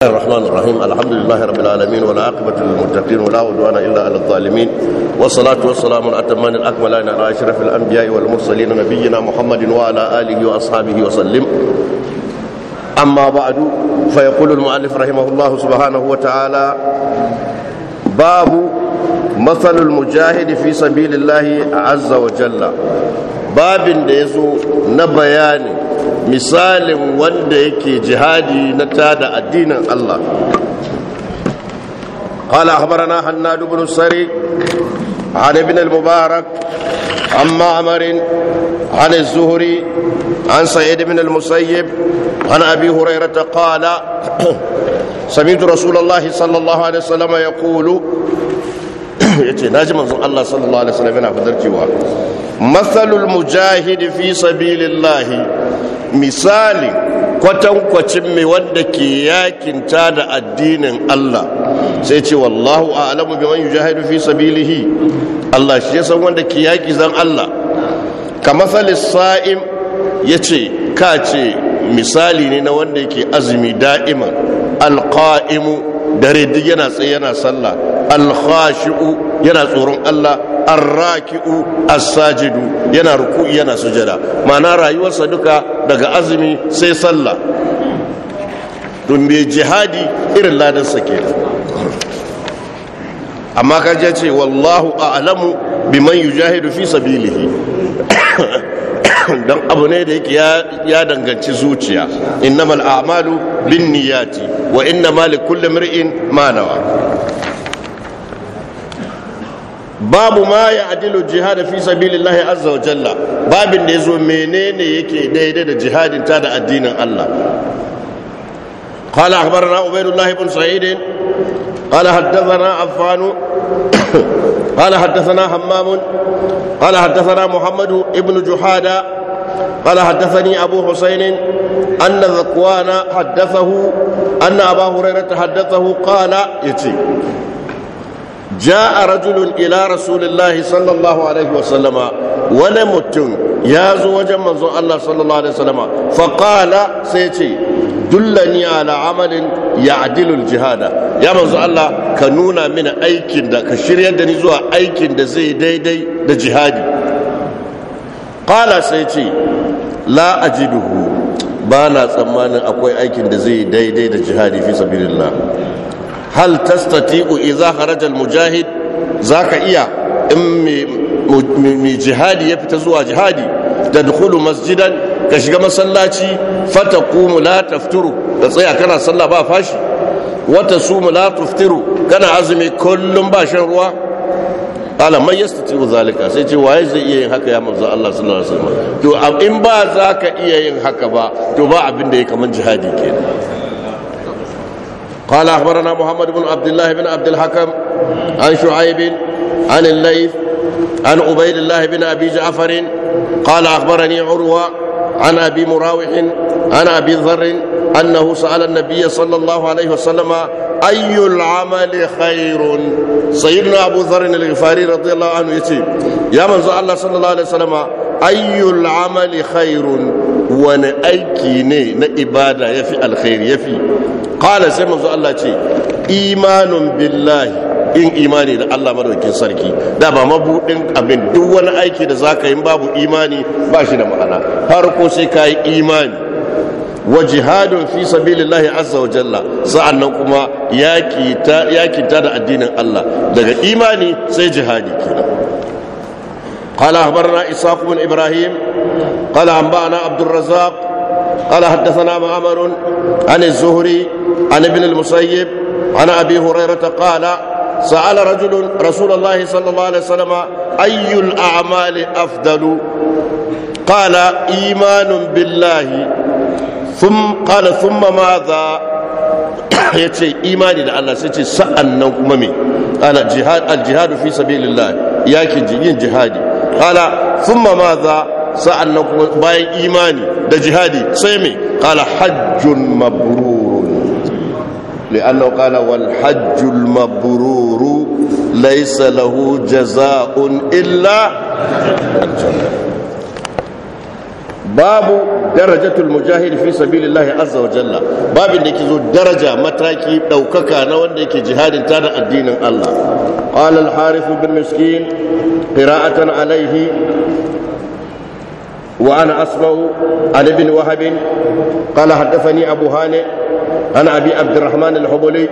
الله الرحمن الرحيم الحمد لله رب العالمين ولا عقبة للمتقين ولا عدوان إلا على الظالمين والصلاة والسلام الأتمان الأكملان على أشرف الأنبياء والمرسلين نبينا محمد وعلى آله وأصحابه وسلم أما بعد فيقول المؤلف رحمه الله سبحانه وتعالى باب مثل المجاهد في سبيل الله عز وجل باب يسو نبياني misalin wanda yake jihadi na tada addinin Allah qala habarana hannad ibn sari an ibn al-mubarak amma amarin an az-zuhri an sa'id ibn al-musayyib an abi hurayra qala sami'tu rasulullah sallallahu alaihi wasallam yaqulu yace naji manzon Allah sallallahu alaihi wasallam yana fadar cewa masalul mujahidi fi sabilillahi misali kwatankwacin mai wanda ke yakinta da addinin Allah sai ce wallahu a'lamu biman yujahidu fi sabilihi Allah shi ya san wanda ke yaki zan Allah ka masalis sa'im yace ka ce misali ne na wanda yake azumi da'iman alqa'imu dare duk yana tsaye yana sallah alkhashi'u yana tsoron Allah arraki'u as-sajidu yana ruku'i yana sujada ma'ana rayuwarsa duka daga azumi sai sallah don jihadi irin ladansa kenan amma kan je ce wallahu a'lamu biman yujahidu fi sabilihi don abu ne da yake ya danganci zuciya innamal a'malu binniyati wa innamal likulli mar'in ma nawa babu ma ya adilu jihada fi sabilillahi azza wa jalla babin da yazo menene yake daidai da jihadin ta da addinin Allah qala akhbarana ubaydullah ibn sa'id qala haddathana affan qala haddathana hammam qala haddathana muhammad ibn juhada qala haddathani abu husayn anna zakwana haddathahu anna abu hurairah haddathahu qala yati ja'a rajulun ila rasulillahi sallallahu alaihi wasallama wani mutum ya zo wajen manzon Allah sallallahu alaihi wasallama faqala sai ce dullani ala amalin ya'dilul jihada ya manzo Allah ka nuna mini aikin da ka shiryar da ni zuwa aikin da zai daidai da jihadi qala sai ce la ajiduhu ba tsammanin akwai aikin da zai daidai da jihadi fi sabilillah hal tastati'u idza kharaja al-mujahid zaka iya in mai jihadi ya fita zuwa jihadi da dukulu masjidan ka shiga masallaci fata kumu la tafturu ka tsaya kana sallah ba fashi wata sumu la tuftiru kana azumi kullum ba shan ruwa ala man yastati'u zalika sai ce waye zai iya yin haka ya manzo Allah sallallahu alaihi wasallam to in ba za ka iya yin haka ba to ba abin da ya kaman jihadi kenan قال أخبرنا محمد بن عبد الله بن عبد الحكم عن شعيب عن الليث عن عبيد الله بن أبي جعفر قال أخبرني عروة عن أبي مراوح عن أبي ذر أنه سأل النبي صلى الله عليه وسلم أي العمل خير سيدنا أبو ذر الغفاري رضي الله عنه يتيم يا من الله صلى الله عليه وسلم أي العمل خير wani aiki ne na ibada ya fi alkhairi ya fi kala sai manzo Allah ce imanun billahi in imani da Allah madaukin sarki da ba mabudin abin duk wani aiki da zaka yi babu imani ba shi da ma'ana farko sai ka yi imani wa jihadun fi sabilillahi azza wa jalla sa'annan kuma yaki ta yaki ta da addinin Allah daga imani sai jihadi kenan قال أخبرنا إسحاق بن إبراهيم قال أنبأنا عبد الرزاق قال حدثنا معمر عن الزهري عن ابن المسيب عن أبي هريرة قال سأل رجل رسول الله صلى الله عليه وسلم أي الأعمال أفضل قال إيمان بالله ثم قال ثم ماذا يتي إيمان الله سيتي سأل نوم قال جهاد الجهاد في سبيل الله ياكي ين جهادي kala sun ma maza sa’annan kuma bayan imani da jihadi sai mai kala hajjun maburu li'anna kala wal hajjul maburu laisa lahu jaza'un illa babu darajatul mujahid fi sabilillahi azza wa jalla babin da yake zo daraja mataki ɗaukaka na wanda yake jihadin da addinin Allah qala al harith bin miskin قراءة عليه وأنا أسمع عن ابن وهب قال حدثني أبو هانئ عن أبي عبد الرحمن الحبلي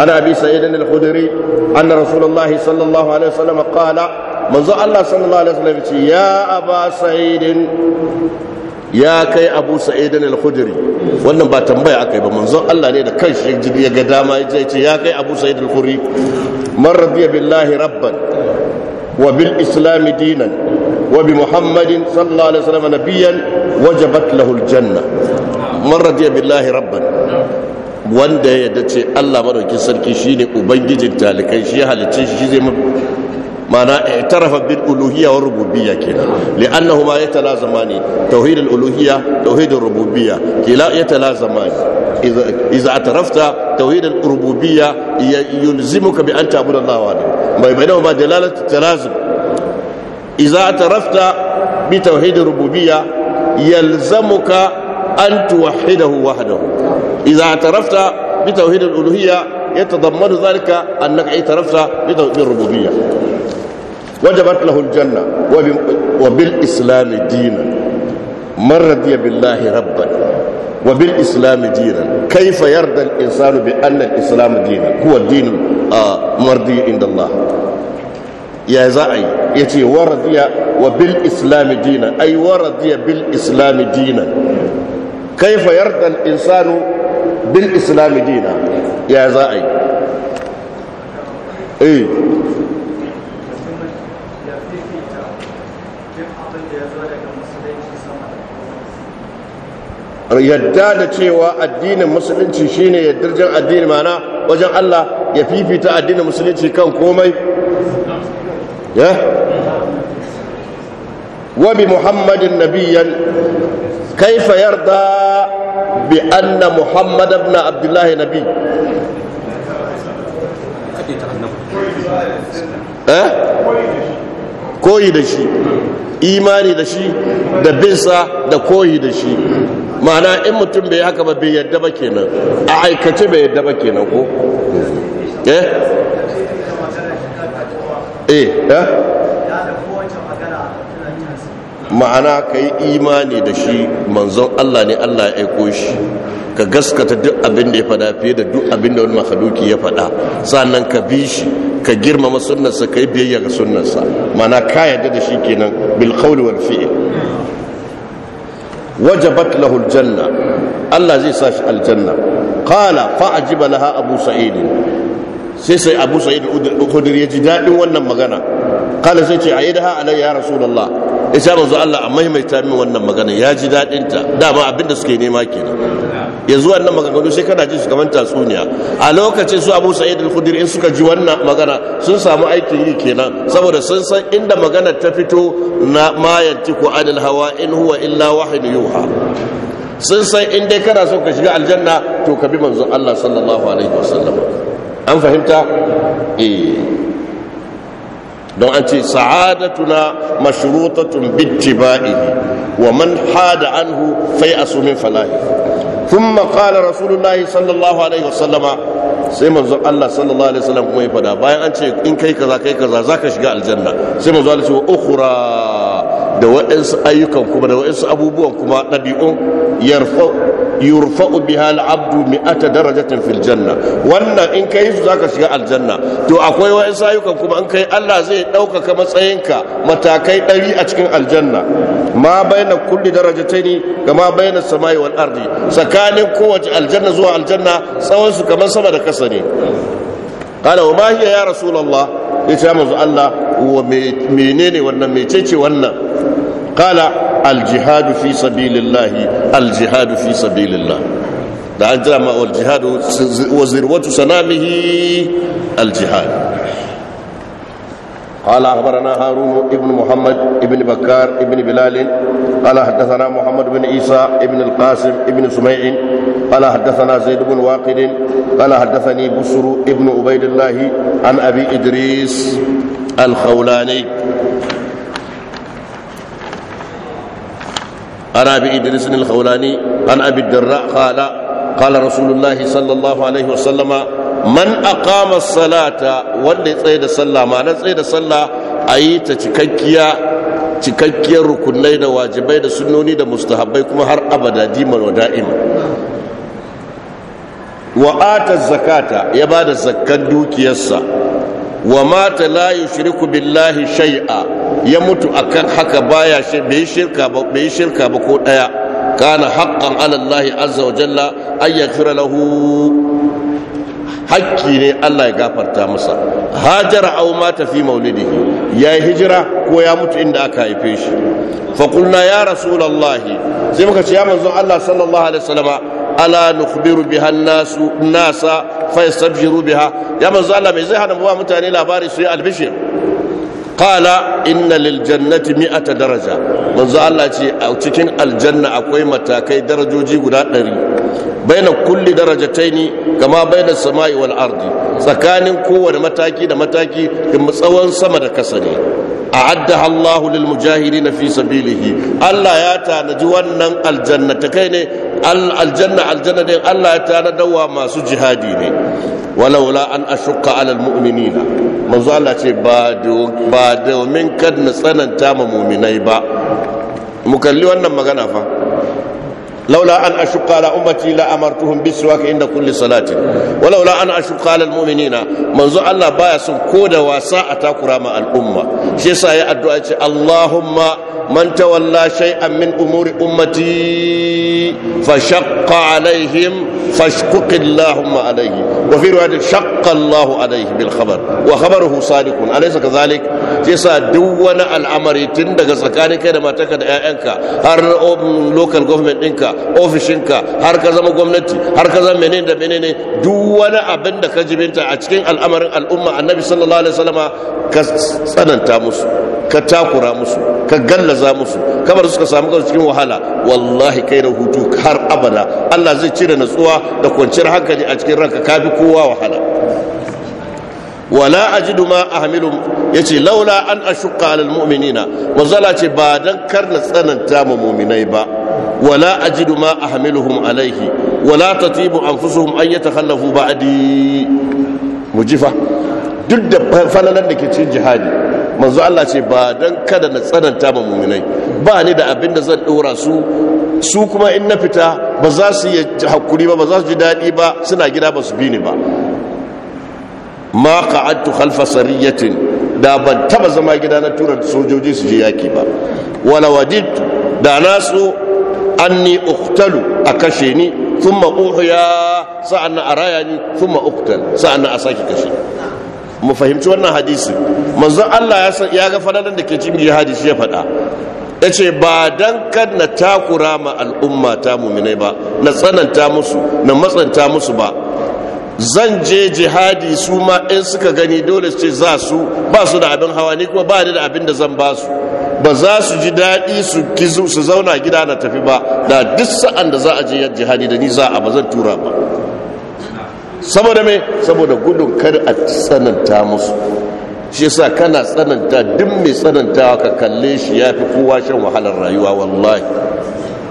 عن أبي سعيد الخدري أن رسول الله صلى الله عليه وسلم قال منذ الله صلى الله عليه وسلم يا أبا سعيد ya kai abu sa'idin al-khudri wannan ba tambaya akai ba manzon Allah ne da kan shi ya ga dama ya ce ya kai abu sa'id al-khudri man radiya billahi rabban وبالإسلام دينا وبمحمد صلى الله عليه وسلم نبيا وجبت له الجنة من رضي بالله ربا wanda ya yadda ce Allah madaukin sarki shine ubangijin talikai shi halicci shi zai mana i'tarafa bil uluhiyya wa rububiyya kenan li'annahuma yatalazamani tauhid al uluhiyya tauhid al rububiyya kila yatalazamani إذا إذا اعترفت توحيد الربوبية يلزمك بأن تعبد الله وحده bai bai ba dalalatu talazum idza tarafta bi tauhid rububiyya yalzamuka an tuwahhidahu wahdahu idza tarafta bi tauhid al-uluhiyya yatadammanu dhalika annaka itarafta bi tauhid rububiyya wajabat lahu al-janna wa bil islam dinan man radiya billahi rabban وبالإسلام دينا كيف يرضى الإنسان بأن الإسلام دينا هو الدين mardi inda Allah ya za a yi ya ce wa radiya wa bil islami dina. ai wa radiya bil islami dinan kaifa yarda al-insanu bil islami dina. ya za a yi eh yadda da cewa addinin musulunci shine yaddarjan addini mana wajen Allah ya fifita addinin musulunci kan komai ya wa bi muhammadin kai kaifa yarda bi anna muhammad ibn abdullah nabi eh koyi da shi imani da shi da binsa da koyi da shi ma'ana in mutum bai haka ba bai yadda ba kenan a aikace bai yadda ba kenan ko Eh? Eh, eh ma'ana ka yi imani da shi manzon Allah ne Allah ya aiko shi ka gaskata duk abin da ya fada fiye da duk abin da wani makaluki ya fada sannan ka bi shi ka girmama sunnarsa ka yi biyayya ga sunansa ma'ana ka yadda da shi kenan bil fiye. wal fi'l wajabat lahu aljanna Allah zai sa shi aljanna qala fa ajiba laha abu sa'id sai sai abu sa'id al-khudri ya ji dadin wannan magana kala sai ce ayyadha alayya ya rasulullah isa manzo Allah amma mai ta min wannan magana ya ji dadin ta dama abinda suke nema kenan yanzu wannan maganganu sai kana jin su kamar tatsuniya a lokacin su abu sa'id al-khudri in suka ji wannan magana sun samu aikin yi kenan saboda sun san inda magana ta fito na ma anil hawa in huwa illa wahyin yuha sun san in dai kana so ka shiga aljanna to ka bi manzon Allah sallallahu alaihi wasallam an fahimta eh don an ce sa'adatuna mashrutatun bittiba'ihi wa man hada anhu fai asumin falahi ثم قال رسول sallallahu alaihi الله عليه وسلم sai manzon Allah sallallahu alaihi wasallam kuma ya fada bayan an ce in kai kaza kai kaza zaka shiga aljanna sai manzon Allah ce wa ukhra da waɗansu ayyukan kuma da waɗansu abubuwan kuma ɗabi'un yurfa'u biha al'abdu mi'ata darajatin fil janna wannan in kai su zaka shiga aljanna to akwai waɗansu ayyukan kuma in kai Allah zai ɗaukaka matsayinka matakai ɗari a cikin aljanna ma baina kulli darajataini kama baina samai wal ardi tsakanin kowace aljanna zuwa aljanna tsawon su kamar sama da kasa ne قال wa هي يا رسول الله يا منزو Allah. wa menene wannan mecece wannan kala aljihadu fi sabilillahi aljihadu fi sabilillah da an jira ma'awar jihadu wa zirwatu sanamihi aljihad قال أخبرنا هارون ابن محمد ابن بكار ابن بلال قال حدثنا محمد بن عيسى ابن القاسم ابن سميع قال حدثنا زيد بن واقد قال حدثني بسر ابن عبيد الله عن أبي إدريس الخولاني عن ابي ادريس الخولاني عن ابي الدراء قال قال رسول الله صلى الله عليه وسلم من اقام الصلاه واللي تصيد الصلاه ما نصيد الصلاه اي تككيا cikakkiyar rukunai da wajibai da sunnoni da mustahabbai kuma har abada diman wa da'ima wa ata zakata ya ba da zakkan dukiyarsa wa mata la yushriku billahi shay'a ya mutu akan haka baya bai shirka ba bai shirka ba ko daya kana haqqan ala Allah azza wa jalla ay lahu hakki ne Allah ya gafarta masa hajara aw mata fi maulidihi ya hijira ko ya mutu inda aka haife shi fa qulna ya rasulullahi sai muka ce ya manzo Allah sallallahu alaihi wasallama ala nukhbiru biha nasu nasa fa yastabshiru biha ya manzo Allah bai zai hana ba mutane labari su yi albishir qala inna lil jannati mi'ata daraja manzo Allah ce a cikin aljanna akwai matakai darajoji guda 100 baina kulli darajataini kama baina samai wal ardi tsakanin kowane mataki da mataki in tsawon sama da kasa ne a'addaha Allahu lil mujahidin fi sabilihi Allah ya tanaji wannan aljanna ta kai ne aljanna aljanna din Allah ya tanada wa masu jihadi ne walaula an ashqa ala al mu'minina manzo Allah ce ba ba domin kad na tsananta ma mu'minai ba mu kalli wannan magana fa لولا أن أشق على أمتي لأمرتهم بالسواك عند كل صلاة ولولا أن أشق على المؤمنين منذ الله بايس كود وساء تكرى مع الأمة شيء سايا الدعاء اللهم من تولى شيئا من أمور أمتي فشق عليهم فاشقق اللهم عليه وفي رواية شق الله عليه بالخبر وخبره صادق أليس كذلك شيء سايا دون الأمر تندق سكانك لما تكد أعنك هر لوكال جوفمنت ɗinka ofishinka har ka zama gwamnati har ka zama menene da menene duk wani abin da ka jibinta a cikin al'amarin al'umma annabi sallallahu alaihi wasallama ka tsananta musu ka takura musu ka gallaza musu kamar suka samu kansu cikin wahala wallahi kai na hutu har abada Allah zai cire natsuwa da kwanciyar hankali a cikin ranka kafi kowa wahala wala ajidu ma ahmilu yace laula an ashqa alal mu'minina manzala ce ba dan kar na tsananta mu mu'minai ba wala ajidu ma ahmiluhum alaihi wala tatibu anfusuhum an yatakhallafu ba'di mujifa duk da falalan da ke cikin jihadi manzo Allah ce ba dan kada na tsananta mu mu'minai ba ni da abinda zan dora su su kuma in na fita ba za su yi hakuri ba ba za su ji daɗi ba suna gida ba su bi ni ba ma qa'adtu khalfa sariyatin da ban taba zama gida na tura sojoji su je yaki ba wala wajidtu da na so anni uqtalu a kashe ni thumma uhiya sa'anna araya ni thumma uqtal sa'anna a kashe mu fahimci wannan hadisi manzo Allah ya ga fadalan da ke cikin jihadi shi ya faɗa ya ce ba dan kan na takura ma al'umma ta muminai ba na tsananta musu na matsanta musu ba zan je jihadi su ma in suka gani dole ce za su ba su da abin hawa ni kuma ba da abin da zan ba su ba za su ji daɗi su zauna gida na tafi ba da duk sa'an da za a je jihadi da ni za a ba zan tura ba saboda me saboda gudun kar a tsananta musu shi yasa kana tsananta duk mai tsanantawa ka kalle shi ya fi kowa shan wahalar rayuwa wallahi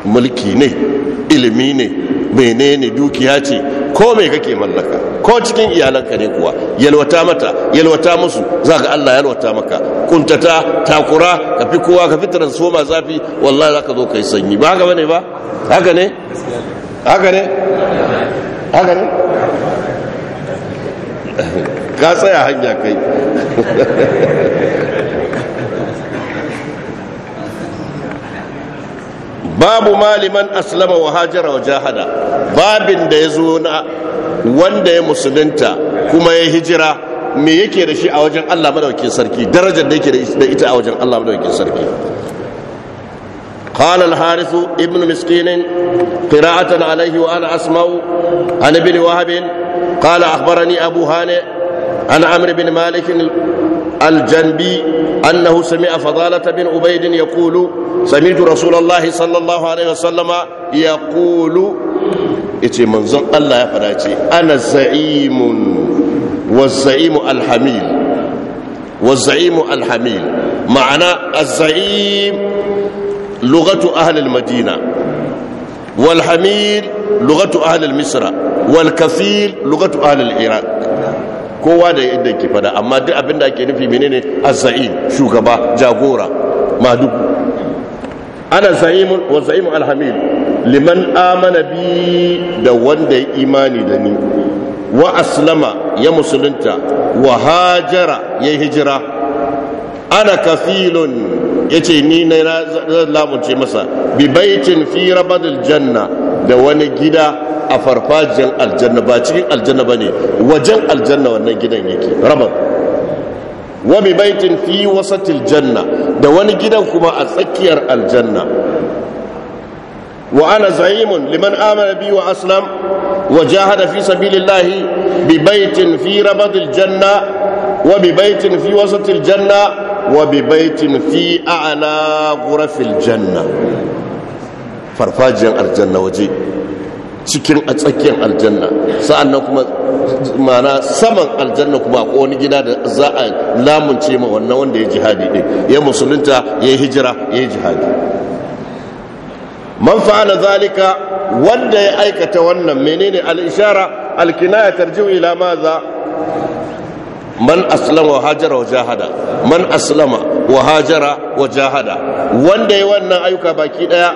mulki ne ilimi ne menene dukiya ce ko mai kake mallaka ko cikin iyalanka ne kuwa yalwata mata yalwata musu za ga Allah yalwata maka kuntata takura ka fi kowa ka fi transforma zafi wallahi za ka zo ka sanyi ba haka bane ba haka ne haka ne haka ne ka tsaya hanya kai babu maliman aslama wa hajara wa jahada babin da ya zo na wanda ya musulunta kuma ya hijira me yake da shi a wajen Allah madaukakin sarki darajar da yake da ita a wajen Allah madaukakin sarki قال الحارث ابن مسكين قراءة عليه وأنا أسمع عن ابن وهب قال أخبرني أبو هانئ عن عمرو بن مالك الجنبي أنه سمع فضالة بن عبيد يقول سمعت رسول الله صلى الله عليه وسلم يقول إتي منزل الله يفرأتي أنا زعيم والزعيم الحميل والزعيم الحميل معنى الزعيم لغة أهل المدينة والحميل لغة أهل المصر والكفيل لغة أهل العراق kowa da yadda ke fada amma duk abin da ake nufi menene azza'im shugaba jagora madu ana za'imun wa za'imun alhamid liman amana bi da wanda ya imani da ni wa aslama ya musulunta wa hajara ya hijira ana kafilun ya ce ni na lamunce masa bi baitin fi rabadil janna da wani gida a farfajiyar aljanna ba cikin aljanna ba ne wajen aljanna wannan gidan yake Rabar. wa bi baitin fi wasatil janna da wani gidan kuma a tsakiyar aljanna wa ana zaimun liman amana bi wa aslam wa jahada fi sabilillahi bi baitin fi rabadil janna wa bi baitin fi wasatil janna wa bi baitin fi a'la ghurafil janna farfajiyan aljanna waje cikin a tsakiyar aljanna sa'annan kuma mana saman aljanna kuma ko wani gida da za a lamunce ma wannan wanda ya jihadi din ya musulunta ya hijira ya jihadi man fa'ala zalika wanda ya aikata wannan menene al-ishara al-kinaya tarji'u ila maza man aslama wa hajara wa jahada man aslama wa hajara wa jahada wanda ya wannan ayyuka baki daya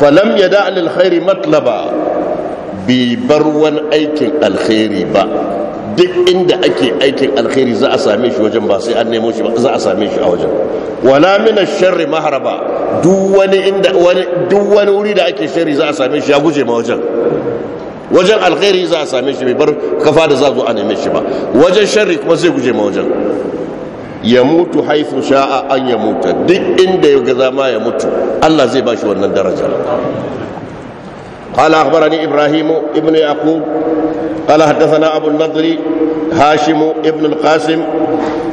falam yada lil khairi matlaba bai bar wani aikin alkhairi ba duk inda ake aikin alkhairi za a same shi wajen ba sai an nemo shi ba za a same shi a wajen wala min ash-sharri mahraba duk wani inda wani duk wani wuri da ake sharri za a same shi ya guje ma wajen wajen alkhairi za a same shi bai bar kafa da za zo a neme shi ba wajen sharri kuma zai guje ma wajen ya mutu haifu sha'a an ya mutu duk inda ya ga zama ya mutu Allah zai ba shi wannan daraja قال أخبرني إبراهيم ابن يعقوب قال حدثنا أبو النضر هاشم ابن القاسم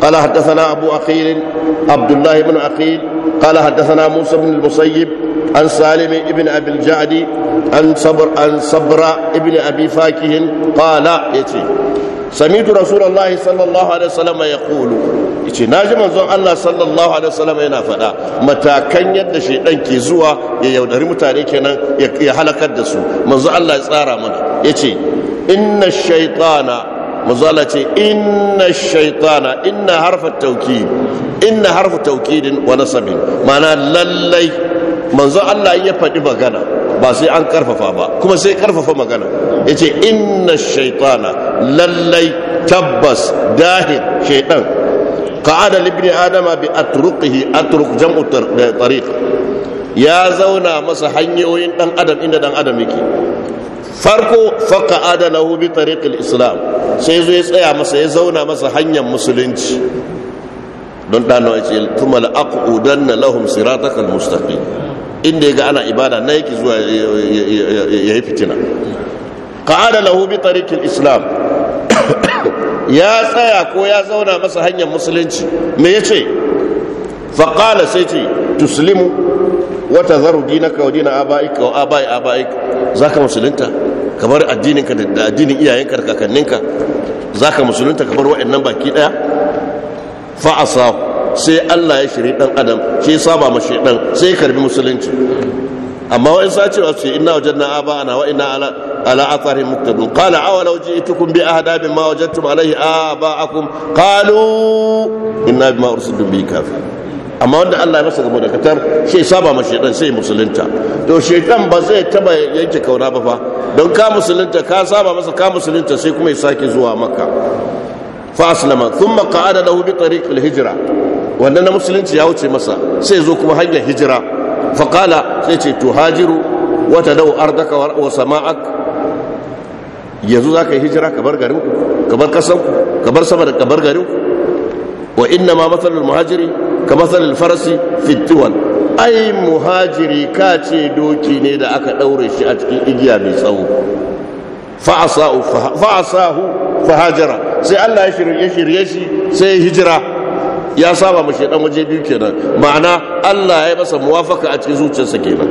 قال حدثنا أبو أخيل عبد الله بن أخيل قال حدثنا موسى بن المسيب عن سالم ابن أبي الجعد عن صبر عن صبر ابن أبي فاكه قال يتي samitu rasulullahi sallallahu alaihi wasallam ya kulu na ji manzon Allah sallallahu alaihi wasallam yana faɗa matakan yadda shedan ke zuwa ya yaudari mutane kenan ya halakar da su manzon Allah ya tsara mana ce inna shaitana, manzon Allah ce inna shaitana, inna harfa tawkid inna harfa tawkidin wa nasabin ma'ana lallai manzon Allah ya faɗi magana ba sai an karfafa ba kuma sai karfafa magana ya ce inna shaitana lallai tabbas dahil shaitan ka'ada libni adama bi atruqihi atruk jam'u tariq ya zauna masa hanyoyin dan adam inda dan adam yake farko faka adalahu bi tariqil islam sai zo ya tsaya masa ya zauna masa hanyar musulunci don dano ya ce tumal aqudanna lahum siratakal mustaqim inda ya ga ana ibada na yake zuwa ya yi fitina ka'ada lahu bi tarikin islam ya tsaya ko ya zauna masa hanyar musulunci me ya ce faƙala sai ce tuslimu wa tadharu dinaka wa dina abaika wa abai abaika ka musulunta ka bar addininka da addinin iyayenka da kakanninka ka musulunta ka bar nan baki ɗaya fa sai Allah ya shiri dan adam shi saba ma shedan sai ya karbi musulunci amma wa in sacewa su inna wajanna aba ana wa inna ala ala atharihim muqtadun qala aw law ji'tukum bi ahda mimma wajadtum alayhi aba'akum qalu inna bima ursiltum bi kafir amma wanda Allah ya masa gaba da katar sai saba ma shedan sai musulunta to shedan ba zai taba yanke kauna ba fa don ka musulunta ka saba masa ka musulunta sai kuma ya sake zuwa maka fa aslama thumma qa'ada lahu bi tariq al-hijra wannan na musulunci ya wuce masa sai zo kuma hanyar hijira faƙala sai ce to hajiru wata dau ardaka wa sama'ak yanzu za ka yi hijira kabar garin ku, kabar kasan ku, kabar sama da kabar garin ku. wa inna ma matsalar muhajiri ka matsalul farasi fituwan ai muhajiri ka ce doki ne da aka ɗaure shi a cikin igiya mai tsawo fa'asahu fahajara sai Allah ya shirye shi sai hijira ya saba ma shaidan waje biyu kenan ma'ana Allah ya masa muwafaka a cikin zuciyarsa kenan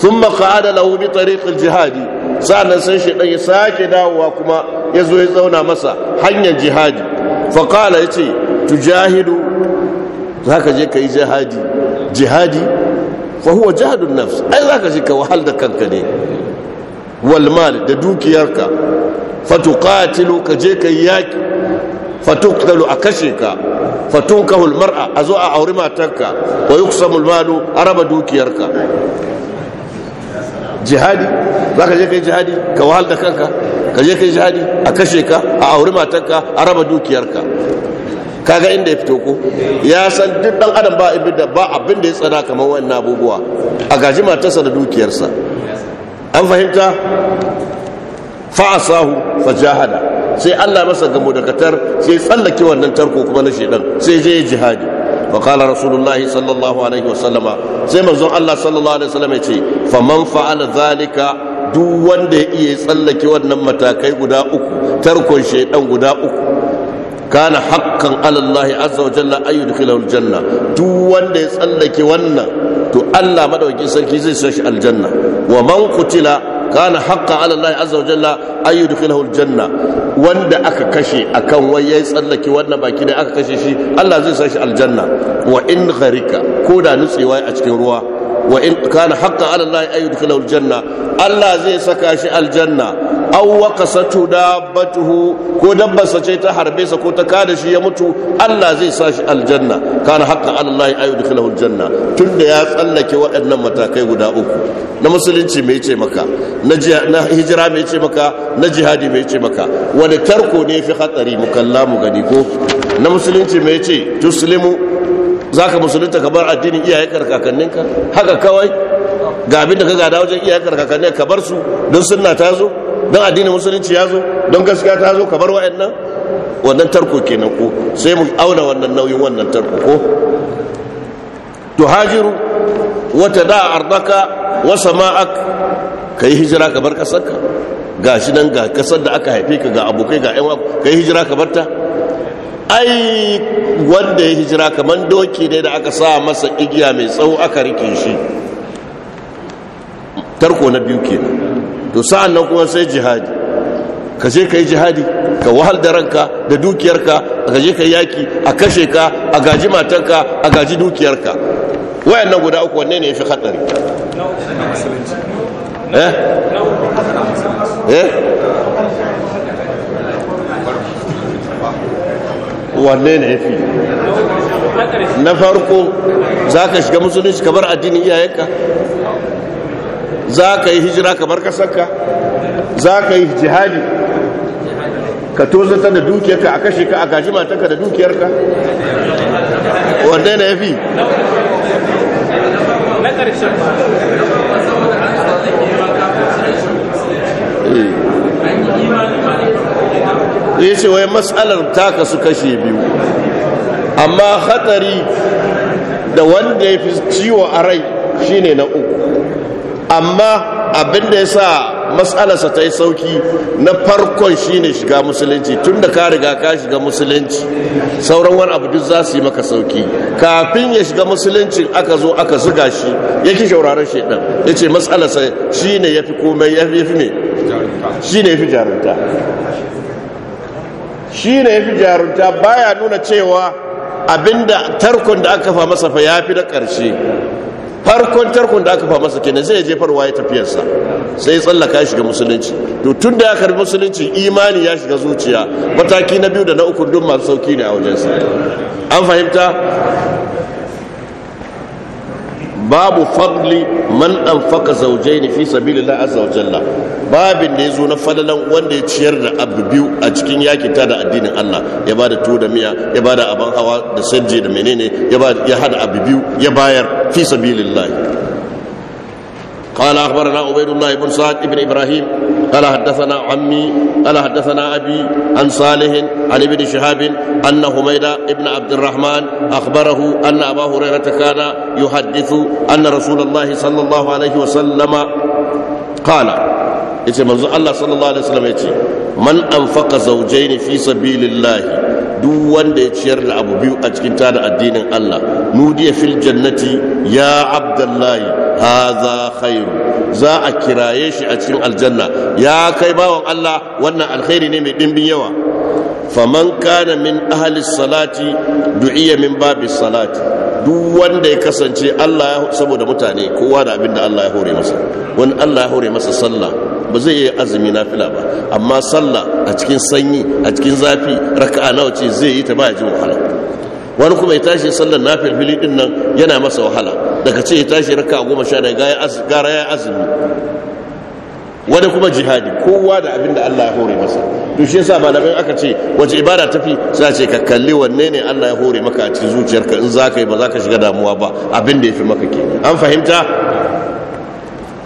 thumma qa'ada lahu bi tariq al-jihad sa'an sai shaidan ya sake dawowa kuma ya zo ya zauna masa hanyar jihadi fa qala yace tujahidu zaka je kai jihadi jihadi fa huwa jihadun nafs ai zaka je ka wahal da kanka ne wal mal da dukiyarka fa tuqatilu ka je kai yaki fa tuqtalu a kashe ka fatuka almar'a a zo a auri matarka wa yuksamu almalu a raba dukiyarka jihadi za ka je kai jihadi ka wahal da kanka ka je kai jihadi a kashe ka a auri matarka a raba dukiyarka kaga inda ya fito ko ya san duk dan adam ba abin ba abin da ya tsana kamar wannan abubuwa a gaji matarsa da dukiyarsa an fahimta fa'asahu fajahada sai Allah masa gamo da katar sai tsallake wannan tarko kuma na shedan sai je jihadi wa qala rasulullahi sallallahu alaihi sallama. sai manzon Allah sallallahu alaihi wasallama yace faman fa'ala zalika duk wanda ya iya tsallake wannan matakai guda uku tarkon shedan guda uku kana haqqan ala Allah azza wa jalla ay yudkhilahu aljanna duk wanda ya tsallake wannan to Allah madaukakin sarki zai sa shi aljanna wa man qutila kana haqqan ala Allah wa jalla aljanna wanda aka kashe akan wai yayi tsallake wannan baki da aka kashe shi Allah zai sa shi aljanna wa in gharika ko da nutsewa a cikin ruwa wa in kana haqqan ala Allah ay aljanna Allah zai saka shi aljanna kasatu da dabbatuhu ko dabbarsa ce ta harbe sa ko ta kada shi ya mutu Allah zai sa shi aljanna kana haqqan Allah ya yudkhilahu aljanna tunda ya tsallake waɗannan matakai guda uku na musulunci me yace maka na hijira me yace maka na jihadi me yace maka wani tarko ne fi hatsari mukalla mu gani ko na musulunci me yace tuslimu zaka musulunta ka bar addinin iyaye ka haka kawai ga abin da ka gada wajen iyaye kakannin ka bar su don sunna ta zo don addinin musulunci ya zo don gaskiya ta zo kamar wa'annan wannan tarko kenan ko sai mu auna wannan nauyin wannan tarko ko to hajiru wata da ardaka wa sama'ak kai hijira ka bar kasarka shi nan ga kasar da aka haife ka ga abokai ga ƴan kai hijira ka bar ta ai wanda ya hijira kamar doki ne da aka sa masa igiya mai tsawo aka rike shi tarko na biyu kenan to sa'an nan kuma sai jihadi ka je ka yi jihadi ka wahal da ranka da dukiyarka ka je ka yaki a kashe ka a gaji matanka a gaji dukiyarka wayannan guda uku wanne ne ya fi hatsari eh? Eh? wanne ne ya fi na farko za ka shiga musulunci ka bar addinin iyayenka za ka yi hijira ka bar kasarka za ka yi jihadi ka tozata da dukiyarka a kashe ka a gaji ka da dukiyarka wanda yana ya fi eh. ya ce wai matsalar taka su kashe biyu amma hatari da wanda ya fi ciwo a rai shine na uku amma abin da ya sa matsalarsa ta yi sauki na farkon shine shiga musulunci tun da ka riga ka shiga musulunci sauran wani abu duk za su yi maka sauki kafin ya shiga musulunci aka zo aka zuga shi ya ki shi shaidan ya ce matsalarsa ne ya fi komai ya fi ne. Shi ne ya fi jarunta ne ya fi jarunta baya nuna cewa abinda tarkon da aka fa masa fa ya fi da ƙarshe farkon tarkon da aka fa masa kenan sai ya farwa ya tafiyarsa sai tsallaka ya shiga musulunci to tun da ya karbi musulunci imani ya shiga zuciya mataki na biyu da na uku duk masu sauki ne a wajensa an fahimta babu fadli man anfaka zawjaini fi sabilillah azza wa jalla babin da yazo na fadalan wanda ya ciyar da abu biyu a cikin yaki ta da addinin Allah ya bada tuwo da miya ya bada aban hawa da sajje da menene ya bada ya hada abu biyu ya bayar fi sabilillah قال أخبرنا عبيد الله بن سعد بن قال حدثنا عمي قال حدثنا أبي عن صالح عن ابن شهاب أن حميد ابن عبد الرحمن أخبره أن أبا هريرة كان يحدث أن رسول الله صلى الله عليه وسلم قال yace manzo Allah sallallahu alaihi wasallam yace man anfaqa zawjayn fi sabilillah duk wanda ya ciyar da abu biyu a cikin tada addinin Allah nudiya fil jannati ya abdullahi haza khairu za a kiraye shi a cikin aljanna ya kai bawan Allah wannan alkhairi ne mai dimbin yawa man kana min ahli salati du'iya min babi salati duk wanda ya kasance Allah ya saboda mutane kowa da abin Allah ya hore masa wani Allah ya hore masa sallah ba zai yi azumi na fila ba amma sallah a cikin sanyi a cikin zafi raka'a nawa ce zai yi ta ba ya jin wahala wani kuma ya tashi sallar na fili din yana masa wahala daga ce ya tashi raka goma sha daga gara ya azumi wani kuma jihadi kowa da abin da Allah ya hore masa to shi yasa malamai aka ce wace ibada tafi sai ce ka kalli wanne ne Allah ya hore maka a cikin zuciyarka in za ka yi ba za ka shiga damuwa ba abin da ya fi maka ke an fahimta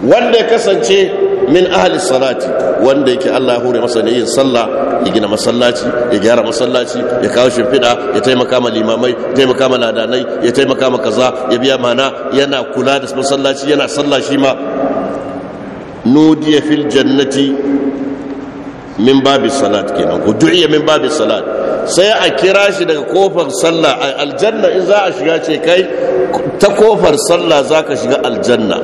wanda ya kasance min ahli salati wanda yake Allah ya hore masa ne yin sallah ya gina masallaci ya gyara masallaci ya kawo shimfiɗa ya taimaka ma limamai ya taimaka ma ladanai ya taimaka ma kaza ya biya mana yana kula da masallaci yana sallah shi ma nudiya fil jannati min babi salat kenan ku du'iya min babi salat sai a kira shi daga kofar sallah aljanna in za a shiga ce kai ta kofar sallah za ka shiga aljanna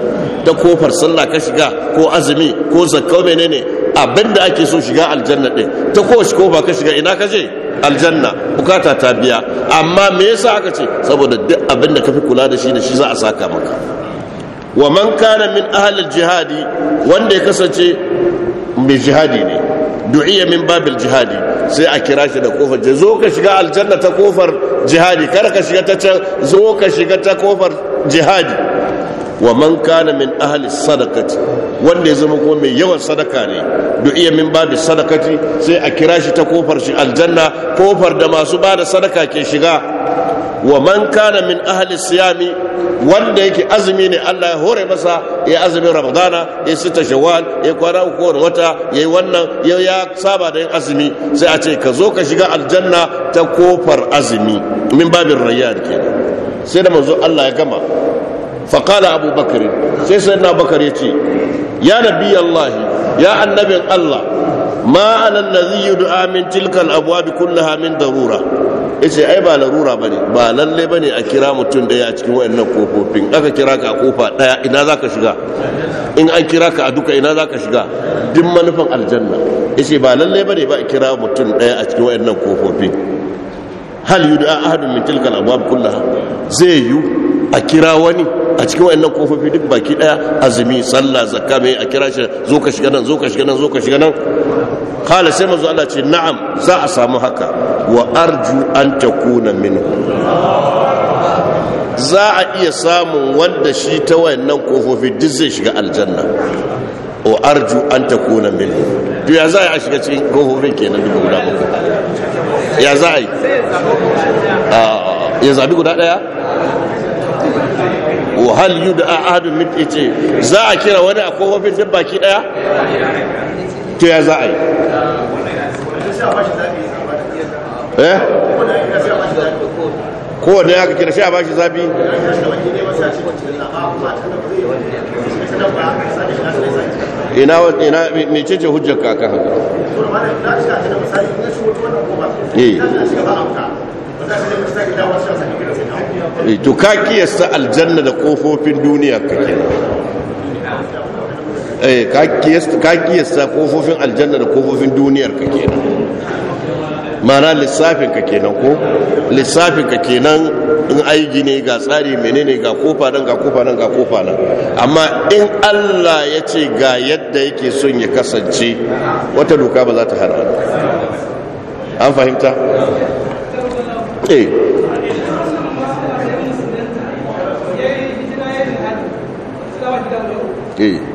ta kofar sallah ka shiga ko azumi ko zakka menene abinda ake so shiga aljanna ɗin ta kowace kofa ka shiga ina ka je aljanna bukata ta biya amma me yasa aka ce saboda duk abinda ka fi kula da shi da shi za a saka maka wa man kana min ahlil jihadi wanda ya kasance mai jihadi ne du'iya min babil jihadi sai a kira shi da kofar jihadi zo ka shiga aljanna ta kofar jihadi kar ka shiga ta zo ka shiga ta kofar jihadi wa man kana min ahli sadaqati wanda ya zama kuma mai yawan sadaka ne du'iya min babil sadaqati sai a kira shi ta kofar shi aljanna kofar da masu bada sadaka ke shiga wa man kana min ahli siyami wanda yake azumi ne Allah ya hore masa ya azumin ramadana ya sita shawwal ya kwana uku wata ya yi wannan ya saba da yin azumi sai a ce ka zo ka shiga aljanna ta kofar azumi min babin rayyan ke sai da manzo Allah ya gama فقال sai sai na أبو Ya ce ya Nabi Allah ya annabin Allah ma alal ladhi yud'a min tilka al-abwab kullaha min darura yace ai ba larura bane ba lalle bane a kira mutum daya a cikin wayannan kofofin aka kira ka a kofa daya ina zaka shiga in an kira ka a duka ina zaka shiga duk manufan aljanna yace ba lalle bane ba a kira mutum daya a cikin wayannan kofofin hal yud'a ahadun min tilka al-abwab kullaha zai yu a kira wani a cikin wayannan kofofi duk baki daya azumi sallah zakka mai a kira shi zo ka shiga nan zo ka shiga nan zo ka shiga nan kala sai mazu Allah ce na'am za a samu haka wa arju an ta kuna minhu za a iya samun wanda shi ta wayannan kofofi duk zai shiga aljanna wa arju an ta kuna minhu to ya za a shiga cikin ke nan duka guda bakwai ya za a yi ah, ya zabi guda daya wa hal da ahadun min ce za a kira wani a kofofin duk baki daya to ya za a yi eh? kowane ya kake da sai a shi zabi ina ina mece ce hujjar ka kan haka eh. eh to ka kiyasta aljanna da kofofin duniya kake Eh, ka kiyasta kofofin aljanna da kofofin duniyar ka kenan mana lissafin ka kenan ko lissafin ka kenan in aiki ne ga tsari menene ga kofa nan ga kofa nan ga kofa nan amma in Allah ya ce ga yadda yake son ya kasance wata doka ba za ta hana an fahimta eh eh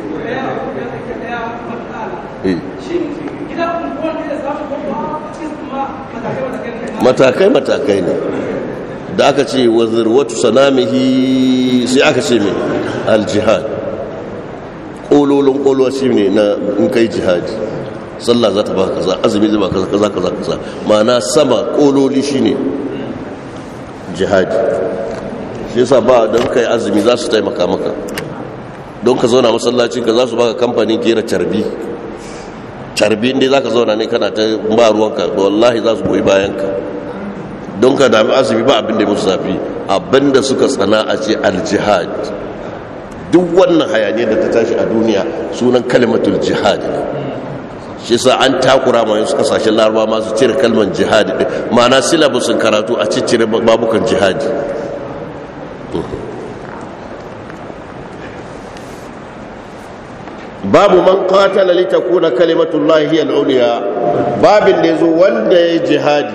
matakai matakai ne da aka ce wa zirwatu sanamihi sai aka ce mai aljihad ƙololin ƙolowa shi ne na in kai jihadi sallah za ta ba kaza azumi zai ba kaza kaza kaza kaza ma'ana sama ƙololi shi ne jihadi shi yasa ba don kai azumi za su taimaka maka don ka zauna masallaci ka za su ba ka kamfanin gera carbi carbi inda za ka zauna ne kana ta ba ruwanka wallahi za su goyi bayanka don ka dami asibi ba abinda musu zafi abinda suka tsana a ce aljihad duk wannan hayaniyar da ta tashi a duniya sunan kalimatul jihad ne shi sa an takura ma yanzu kasashen laraba masu cire kalmar jihadi mana silabusin karatu a ciccire babukan jihadi babu man qatala litakuna kalimatullahi hiya al-ulya babin da yazo wanda ya jihadi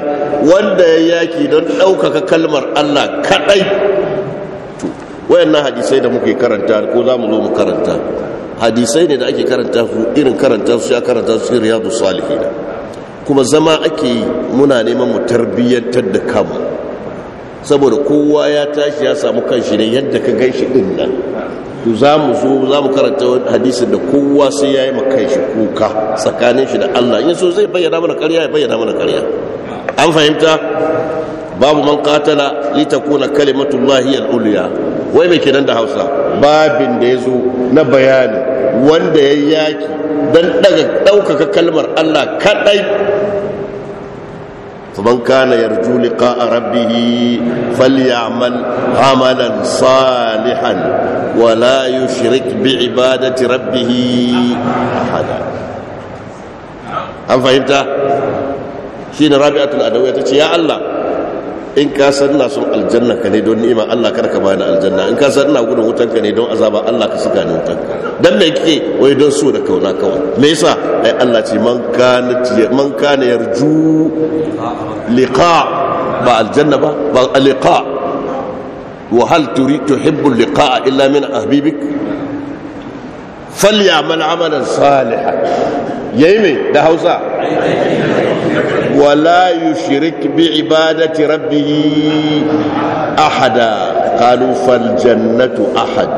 wanda ya yaki don daukaka kalmar Allah kadai to wayannan hadisai da muke karanta ko zamu zo mu karanta hadisai ne da ake karanta su irin karanta su ya karanta su riyadu salihin kuma zama ake yi muna neman mu tarbiyyantar da kanmu saboda kowa ya tashi ya samu kanshi ne yadda ka ganshi din nan to za mu zo za mu karanta hadisin da kowa sai ya yi makai shi kuka tsakanin shi da Allah in so zai bayyana mana karya ya bayyana mana karya an fahimta babu man katala li takuna kalimatullahi al-ulya wai me kenan da Hausa babin da yazo na bayani wanda ya yaki dan daga daukaka kalmar Allah kadai فمن كان يرجو لقاء ربه فليعمل عملا صالحا ولا يشرك بعبادة ربه أحدا أم فهمت؟ شين رابعة الأدوية يا الله in ka san ina aljanna ka ne don ni'ima Allah kar ka bani aljanna in ka san gudun wutan ka ne don azaba Allah ka saka ni wutan ka dan me kike wai don so da kauna kawai me yasa ai Allah ce man kana man kana yarju liqa ba aljanna ba ba liqa wa hal turi tuhibbu liqa illa min ahbibik falyamal amalan salihan yayi mai da hausa wala shirik bi ibadati rabbi ahada qalu jannatu ahad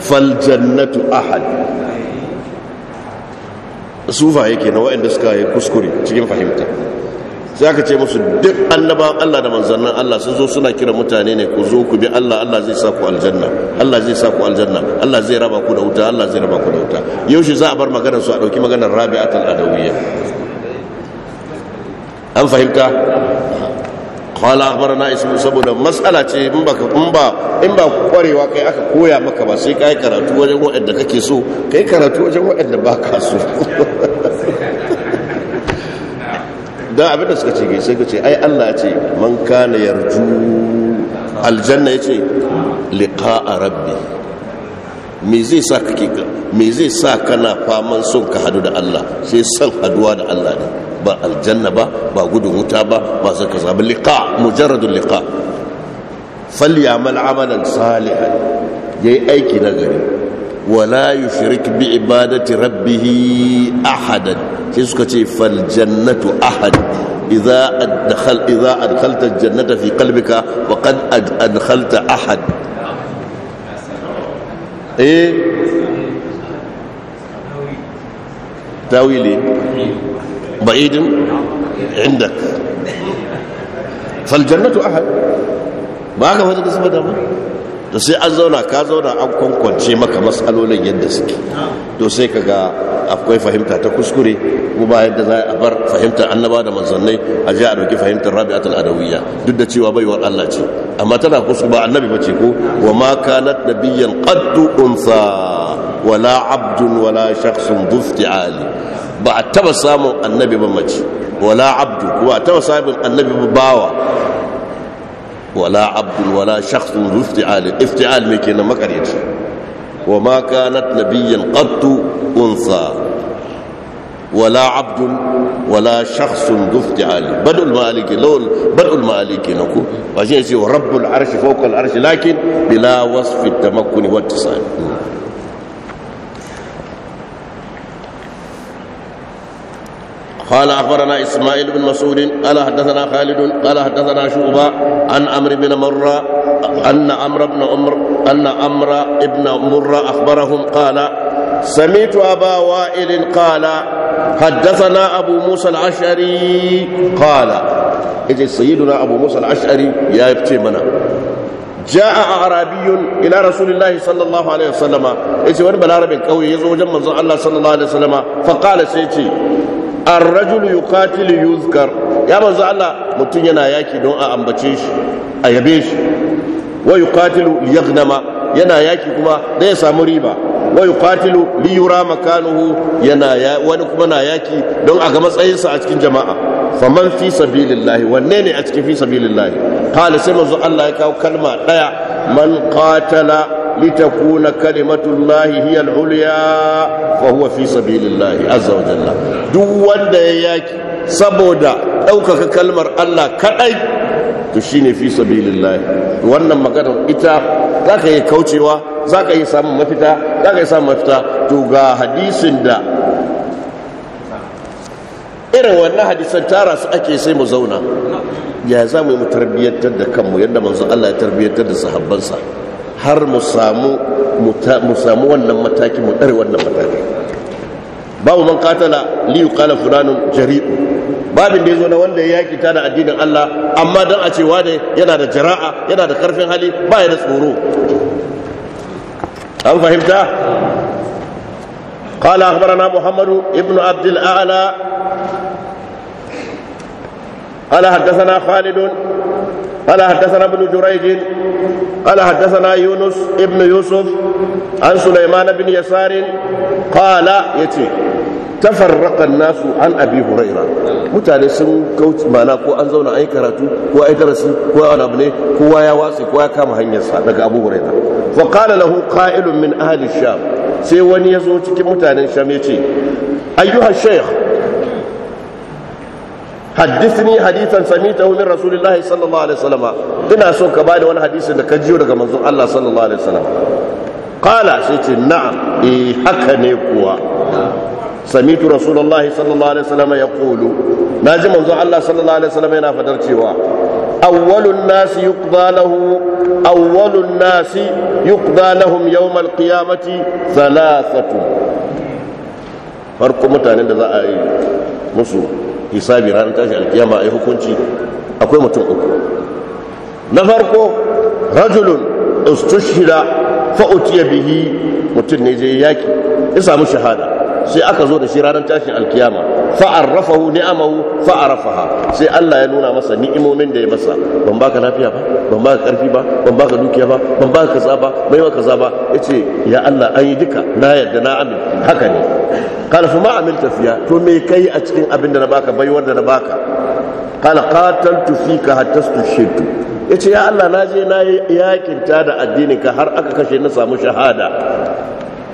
fal jannatu ahad sufa yake na waɗanda suka yi kuskure cikin fahimta sai aka ce musu duk annabawan Allah da manzannin Allah sun zo suna kira mutane ne ku zo ku bi Allah Allah zai sa ku aljanna Allah zai sa ku aljanna Allah zai raba ku da wuta Allah zai raba ku da wuta yaushe za a bar maganar su a dauki maganar Rabi'atul Adawiyya an fahimta qala akhbarana ismu saboda mas'ala ce in ba in ba in ba kwarewa kai aka koya maka ba sai kai karatu wajen waɗanda kake so kai karatu wajen waɗanda baka so da abinda suka ce sai ka ce ai Allah ce man kana yarju aljanna ya ce a rabbi me zai sa me zai sa kana faman son ka hadu da Allah sai son haduwa da Allah ne ba aljanna ba ba gudun wuta ba ba sai ka zaba liqa mujarradul liqa falyamal amalan salihan yayi aiki na gari ولا يشرك بعبادة ربه أحدا سيسكتي فالجنة أحد إذا أدخل إذا أدخلت الجنة في قلبك وقد أدخلت أحد إيه تاويلي بعيد عندك فالجنة أحد ما هذا تسمى da sai an zauna ka zauna an kwankwance maka matsalolin yadda suke to sai ka ga akwai fahimta ta kuskure ko ba yadda za a bar fahimtar annaba da manzannai a ji a ɗauki fahimtar rabi'atul adawiyya duk da cewa baiwar Allah ce amma tana kuskure ba annabi bace ko wa ma kanat nabiyyan qaddu unsa wala abdun wala shakhsun Ali. ba a taba samun annabi ba mace wala abdu ko a taba samun annabi ba bawa ولا عبد ولا شخص ذو افتعال افتعال ميكينا ما كان يتشي وما كانت نبيا قط أنثى ولا عبد ولا شخص ذو افتعال بدء المالك لول بدء المالك نقول وجيزي رب العرش فوق العرش لكن بلا وصف التمكن واتصال قال أخبرنا إسماعيل بن مسعود قال حدثنا خالد قال حدثنا شعبة عن عمرو بن مرة أن عمرو بن عمر أن عمرو بن مرة أخبرهم قال سمعت أبا وائل قال حدثنا أبو موسى العشعري قال إذا سيدنا أبو موسى العشعري يا ابتمنا جاء أعرابي إلى رسول الله صلى الله عليه وسلم إذا وين بالعربي قوي يزوج من الله صلى الله عليه وسلم فقال سيتي ar-rajulu ya manzo Allah mutum yana yaki don a ambace shi a yabe shi wa yuqatilu liyaghnama yana yaki kuma dai ya samu riba wa yuqatilu liyura yura makanuhu wani kuma na yaki don a ga matsayinsa a cikin jama'a faman fi sabilillahi wanne ne a cikin fi sabilillahi qala sai manzo Allah ya kawo kalma daya man qatala لتكون كلمة الله هي العليا فهو في سبيل الله عز وجل دو وندا ياكي سبودا دوكا كلمر الله كأي تشيني في سبيل الله وانا مقدر إتا za ka yi kaucewa za ka yi samun mafita za ka yi samun mafita to irin wannan hadisan tara su ake sai mu zauna ya za mu yi mu tarbiyyantar da kanmu yadda manzo Allah ya tarbiyyantar da sahabbansa har mu samu wannan mataki mu dare wannan mataki babu man katala liyu kala fulanun jari'u babin da ya zo na wanda ya yaki ta da addinin Allah amma don a cewa ne yana da jara'a yana da karfin hali ba ya da tsoro an fahimta قال Muhammadu محمد Abdul ala الأعلى قال حدثنا خالد قال حدثنا ابن جريج قال حدثنا يونس ابن يوسف عن سليمان بن يسار قال يتي tafarraka nasu an abi huraira mutane sun kauce mana ko an zauna ai karatu ko ai darasi ko an abu ne kowa ya watsi kowa ya kama hanyarsa daga abu huraira fa nahu lahu qa'ilun min ahli sham sai wani ya zo cikin mutanen sham ya ce ayyuha shaykh haddithni hadithan samitahu min rasulillahi sallallahu alaihi wasallam ina so ka bada wani hadisin da ka jiyo daga manzon Allah sallallahu alaihi wasallam qala sai ce na'am eh haka ne kuwa samitu rasulullahi sallallahu alaihi wasallam yaqulu naji manzon Allah sallallahu alaihi wasallam yana fadar cewa أول الناس يقضى له أول الناس يقضى لهم يوم القيامة mutanen da za a yi musu. hisabi ranar tashi alkiyama ai hukunci akwai mutum uku na farko rajulun ustushhida fa utiya bihi mutum ne je yaki ya samu shahada sai aka zo da shi ranar tashin alkiyama fa'arrafahu ni'amahu fa'arafaha sai Allah ya nuna masa ni'imomin da ya masa ban baka lafiya ba ban baka karfi ba ban baka dukiya ba ban baka kaza ba mai ba kaza ba yace ya Allah an yi duka na yadda na amin haka ne kana fa ma amilta fiya to me kai a cikin abin da na baka bai wanda na baka kana qataltu fika hatta stushhidu yace ya Allah na je na yakinta da addinin ka har aka kashe na samu shahada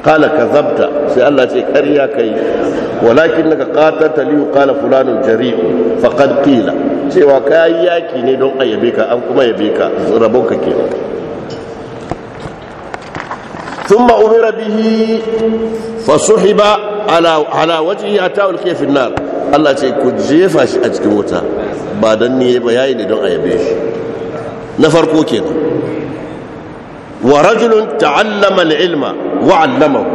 kala ka zabta sai Allah ce ƙarya kai walakin naka ƙatanta liyu kala fulanin jari'u faƙar tila cewa ka yi yaƙi ne don a yabe ka an kuma yabe ka rabon ka ke sun ma'umira bihi fasuhi ba ala waje yi a tawul kefin nan Allah ce ku jefa shi a cikin wuta ba danne ni ba ya yi ne don a yabe shi na farko kenan wa rajulun ta'allama ilma wa'allamahu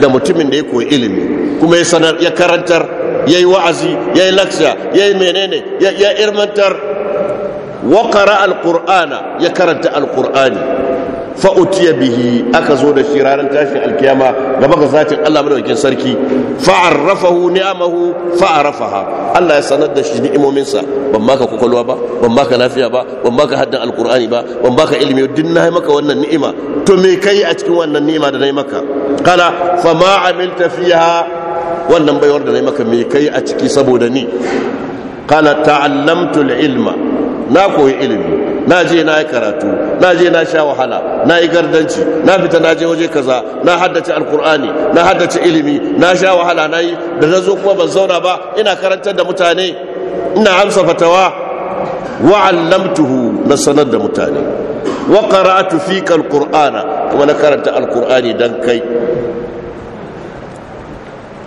da mutumin da ya koyi ilimi kuma ya sanar ya karantar ya yi wa'azi ya yi laksa ya yi menene ya irmantar wa alkur'ana ya karanta alkur'ani. fa'utiya bihi aka zo da shi ranar tashin alkiyama gaba ga zatin Allah madaukakin sarki fa'arrafahu ni'amahu fa'arrafaha Allah ya sanar da shi ni'imominsa ban maka kokolwa ba ban maka lafiya ba ban maka haddan alkur'ani ba ban maka ilimi din na maka wannan ni'ima to me kai a cikin wannan ni'ima da nayi maka kana fa ma amilta fiha wannan baiwar da maka me kai a ciki saboda ni kana ta'allamtu ilma na koyi ilimi na je na yi karatu na je na sha wahala na yi gardanci na fita na je waje kaza na haddace alkur'ani na haddace ilimi na sha wahala na yi da na zo kuma ban zauna ba ina karantar da mutane ina amsa fatawa wa allamtuhu na sanar da mutane wa qara'atu fika alqur'ana kuma na karanta alkur'ani dan kai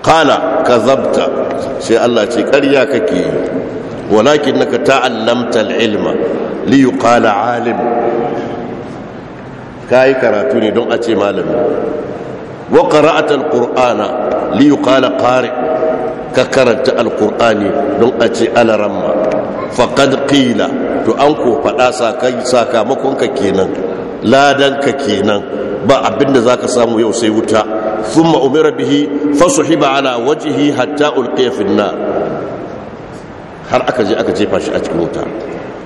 qala kazabta sai Allah ce ƙarya kake yi ولكنك تعلمت ilma li yuqala ka kai karatu ne don a ce malami wa qara'at alqur'ana li yuqala qari ka karanta al-kur'ani don a ce alaramma faqad ƙila to an ko faɗa sakamakonka kenan ladan ka kenan ba abinda ka samu yau sai wuta summa umira bihi fasuhiba ala wajihi hatta ulqiya fi har aka je aka jefa shi a cikin wuta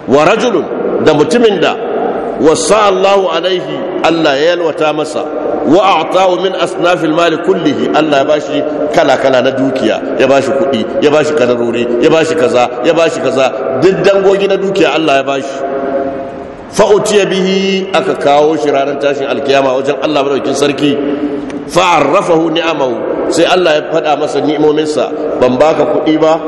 wa rajulun da mutumin da wasa Allahu alaihi Allah ya yalwata masa wa a'tahu min asnafil mali kullihi Allah ya bashi kala kala na dukiya ya bashi kuɗi ya bashi kadarori ya bashi kaza ya bashi kaza duk dangogi na dukiya Allah ya bashi fa utiya bihi aka kawo shi ranar tashin alkiyama wajen Allah madaukin sarki fa arrafahu ni'amahu sai Allah ya faɗa masa ni'imominsa ban baka kuɗi ba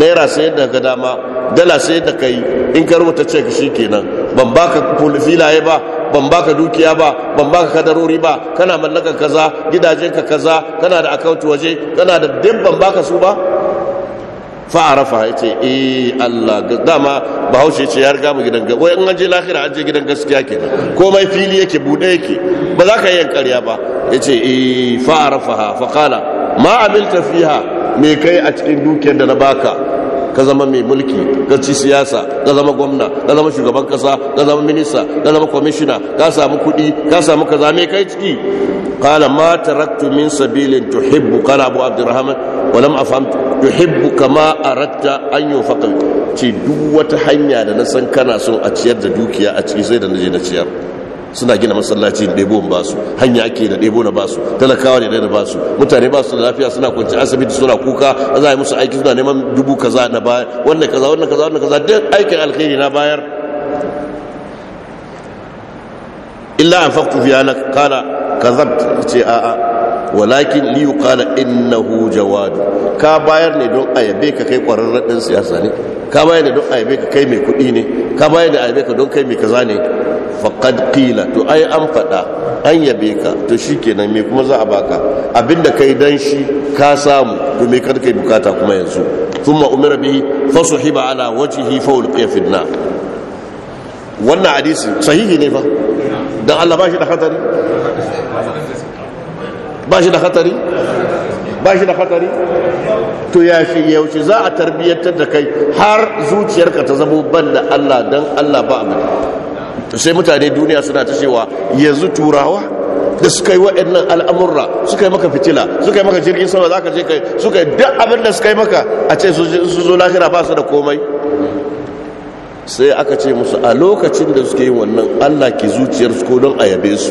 naira sai yadda ga dama dala sai da kai in ka rubuta cek shi kenan ban baka filaye ba ban baka dukiya ba ban baka kadarori ba kana mallaka kaza ka kaza kana da account waje kana da duk ban baka su ba fa'arafa ya ce eh Allah dama bahaushe ce ya riga mu gidan ga wai in an je lahira an je gidan gaskiya ke. komai fili yake bude yake ba za ka yi karya ba ya ce eh fa'arafa fa kala ma amilta fiha me kai a cikin dukiyar da na baka ka zama mai mulki ka ci siyasa ka zama gwamna ka zama shugaban kasa ka zama minista ka zama kwamishina ka samu kuɗi ka samu kaza me kai ciki qala ma taraktu min sabilin tuhibbu qala abu abdurrahman wa lam afham tuhibbu kama aratta an yufaqal ci duk wata hanya da na san kana son a ciyar da dukiya a ciki sai da naje na ciyar suna gina masallaci da ɗebo ba su hanya ake da ɗebo na ba su talakawa ne na ba su mutane ba su da lafiya suna kwanci asibiti suna kuka za a yi musu aiki suna neman dubu kaza na bayar wannan kaza wannan kaza wannan kaza duk aikin alkhairi na bayar illa faktu fi ala kala kadhabt ce a a walakin li yuqala innahu jawad ka bayar ne don ayabe ka kai kwararren din siyasa ne ka bayar ne don ayabe ka kai mai kudi ne ka bayar ne ayabe ka don kai mai kaza ne faqad qila to ai an fada an yabe ka to shikenan me kuma za a baka abinda kai dan shi ka samu to me kar kai bukata kuma yanzu thumma umira bihi fasuhiba ala wajhihi fa ulqiya fi wannan hadisi sahihi ne fa don allah ba shi da hatari ba shi da hatari ba shi da hatari to ya fi yauci za a tarbiyyantar da kai har zuciyarka ta zamo ban da allah don allah ba abin sai mutane duniya suna ta cewa yanzu turawa da suka yi waɗannan al'amurra suka yi maka fitila suka yi maka jirgin sama za ka je kai suka yi duk abin da suka yi maka a ce su zo lahira ba su da komai sai aka ce musu a lokacin da suke yin wannan allah ke zuciyarsu ko don a yabe su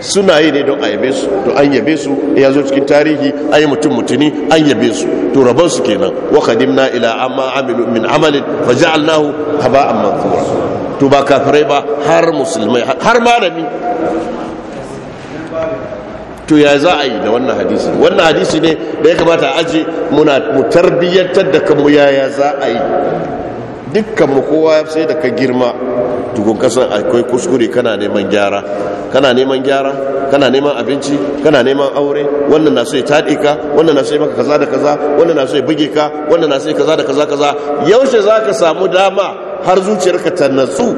suna yi ne don a yabe su to an yabe su ya zo cikin tarihi an yi mutum mutuni an yabe su to rabon su kenan wa na ila amma aminu min amalin fa haba amma kura to ba kafirai ba har musulmai har malami to ya za a yi da wannan hadisi wannan hadisi ne da ya kamata a aji muna mu tarbiyyantar da kanmu yaya za a yi dukkanmu kowa sai da ka girma tukun kasan akwai kuskure kana neman gyara kana neman gyara kana neman abinci kana neman aure wannan na so ya taɗe ka wannan na so ya maka kaza da kaza wannan na so ya buge ka wannan na so ya kaza da kaza kaza yaushe za ka samu dama har zuciyarka ta natsu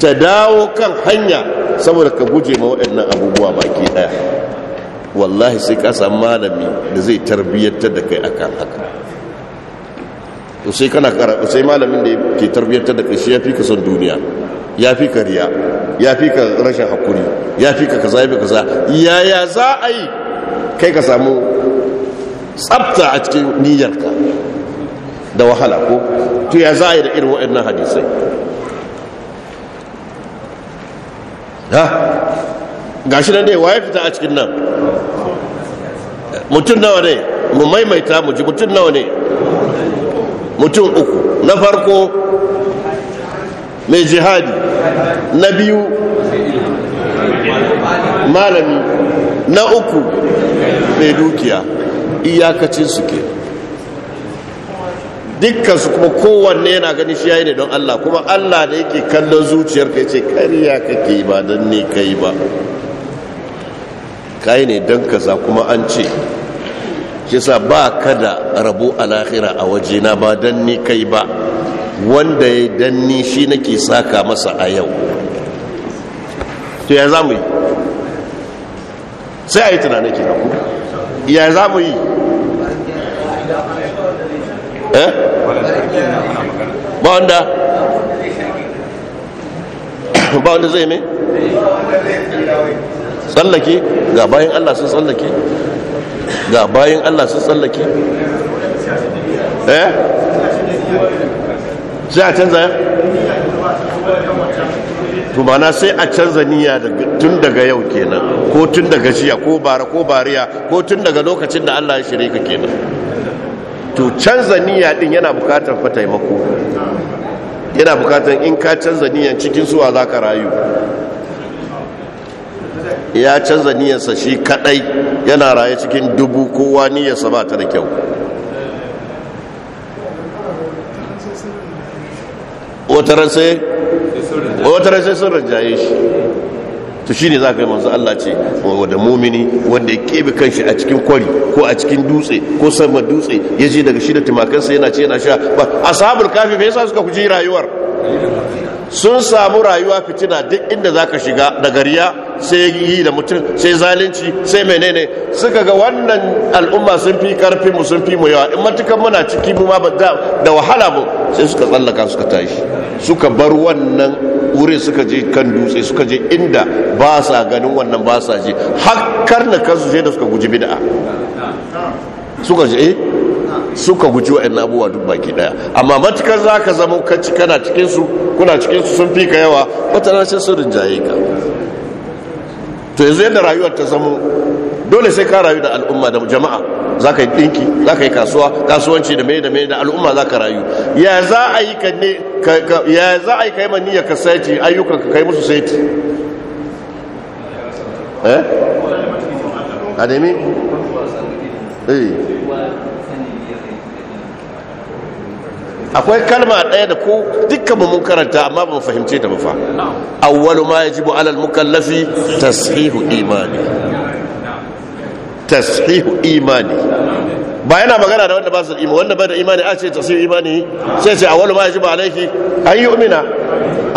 ta dawo kan hanya saboda ka guje ma waɗannan abubuwa baki ɗaya wallahi sai ka samu malami da zai tarbiyyar da kai akan haka sai kana karatu sai malamin da ke tarbiyyantar da kashi ya fi ka son duniya ya fi ka riya ya fi ka rashin hakuri ya fi ka kaza ya fi kaza yaya za a yi kai ka samu tsabta a cikin niyyarka da wahala ko to ya za a yi da irin waɗannan hadisai ha shi nan dai waye fita a cikin nan mutum nawa ne mu maimaita mu ji mutum nawa ne mutum uku na farko mai jihadi na biyu malami na uku mai dukiya iyakacin su ke dukkan su kuma kowanne yana gani shi yayi ne don Allah kuma Allah da yake kallon zuciyar ka ce kariya kake ba don ne kai ba kai ne dan kaza kuma an ce shi sa ba ka da rabo a lahira a ba don ni kai ba wanda ya dan ni shi nake saka masa a yau to ya za mu yi sai a yi tunanin ke ku ya za mu yi eh ba wanda ba wanda zai mai tsallake ga bayan allah sun tsallake ga bayan allah sun tsallake eh sai a canza to na sai a canza niyya tun daga yau kenan ko tun daga jiya ko bara ko bariya ko tun daga lokacin da allah ya shirya ka kenan to canza niyya din yana bukatar fa taimako yana bukatar in ka canza niyya cikin suwa za ka rayu ya canza niyyarsa shi kadai yana raye cikin dubu kowa niyyarsa ba ta da kyau wataran sai sun rajaye shi to ne za ka yi masu Allah ce wanda mumini wanda ya kebe kanshi a cikin kwari ko a cikin dutse ko sama dutse ya je daga shi da tumakansa yana ce yana sha ba a kafi me yasa suka kuji rayuwar sun samu rayuwa fitina duk inda za ka shiga daga riya sai yi da mutum sai zalunci sai menene suka ga wannan al'umma sun fi karfi mu sun fi mu yawa in matukan muna ciki mu ma da wahala mu sai suka tsallaka suka tashi suka bar wannan wurin suka je kan dutse suka je inda ba sa ganin wannan ba sa je har karna kansu je da suka guji bid'a suka je eh suka guji wa'annan abubuwa duk baki daya amma matukar za ka zama kacci kana cikinsu kuna cikinsu sun fi ka yawa wata rashin sun rinjaye ka to yanzu yadda rayuwar ta zamo dole sai ka rayu da al'umma da jama'a za ka yi ɗinki za ka yi kasuwa kasuwanci da mai da mai da al'umma za ka rayu ya za a yi ka ne ya za a yi ka yi maniyar ka saiti ayyukan ka kai musu saiti eh? a nemi? eh akwai kalma ɗaya da ko dukkan mu mun karanta amma ba mu fahimce ta ba fa awwalu ma yajibu alal mukallafi tashihu imani tashihu imani ba yana magana da wanda ba su imani wanda ba da imani a ce tashihu imani sai ce awwalu ma yajibu alayhi an yu'mina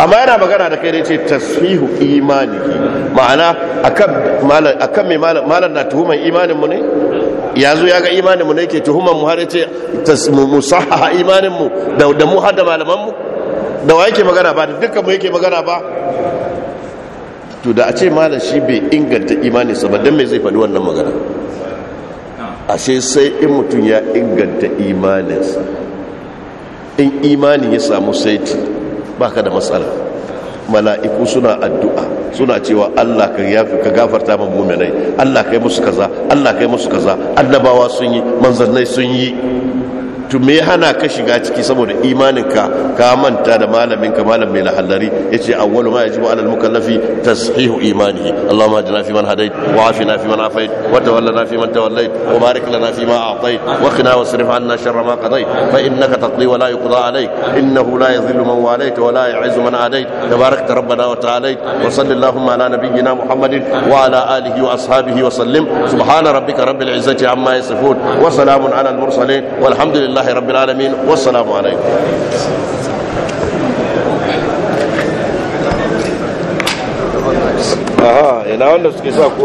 amma yana magana da kai ne ce tashihu imani ma'ana akan malam akan mai malam na tuhuman imanin mu ne ya zo ya ga imanin mu ne ke tuhumar mu har ya ce musaha imanin mu da mu har da malaman mu da wa yake magana ba da dukkan mu yake magana ba to da a ce malam shi bai inganta imanin sa ba dan me zai faɗi wannan magana ashe sai in mutum ya inganta imaninsa in imanin ya samu saiti baka da matsala mala'iku suna addu'a suna cewa Allah ka yafi ka gafarta ma mu'minai Allah kai musu kaza Allah kai musu kaza annabawa sun yi manzannai sun yi to me hana ka shiga ciki saboda imaninka ka manta da malaminka malam mai lahallari yace awwalu ma yajibu alal mukallafi tashihu imanihi allahumma ajina fi man hadait wa afina fi man wa tawallana fi man wa barik lana fi ma wa qina anna sharra ma fa innaka taqdi wa la yuqda alayk innahu la yadhillu man wa la yu'izzu man tabarakta rabbana wa wa salli allahumma ala nabiyyina muhammadin wa ala alihi wa ashabihi wa sallim subhana rabbika rabbil izzati amma yasifun wa salamun ala al mursalin والحمد alhamdulillahi rabbil alamin wassalamu alaikum aha ina wanda suke sa kowa